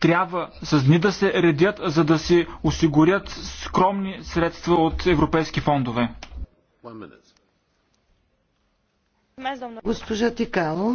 трябва с дни да се редят, за да си осигурят скромни средства от европейски фондове. Госпожа Тикало.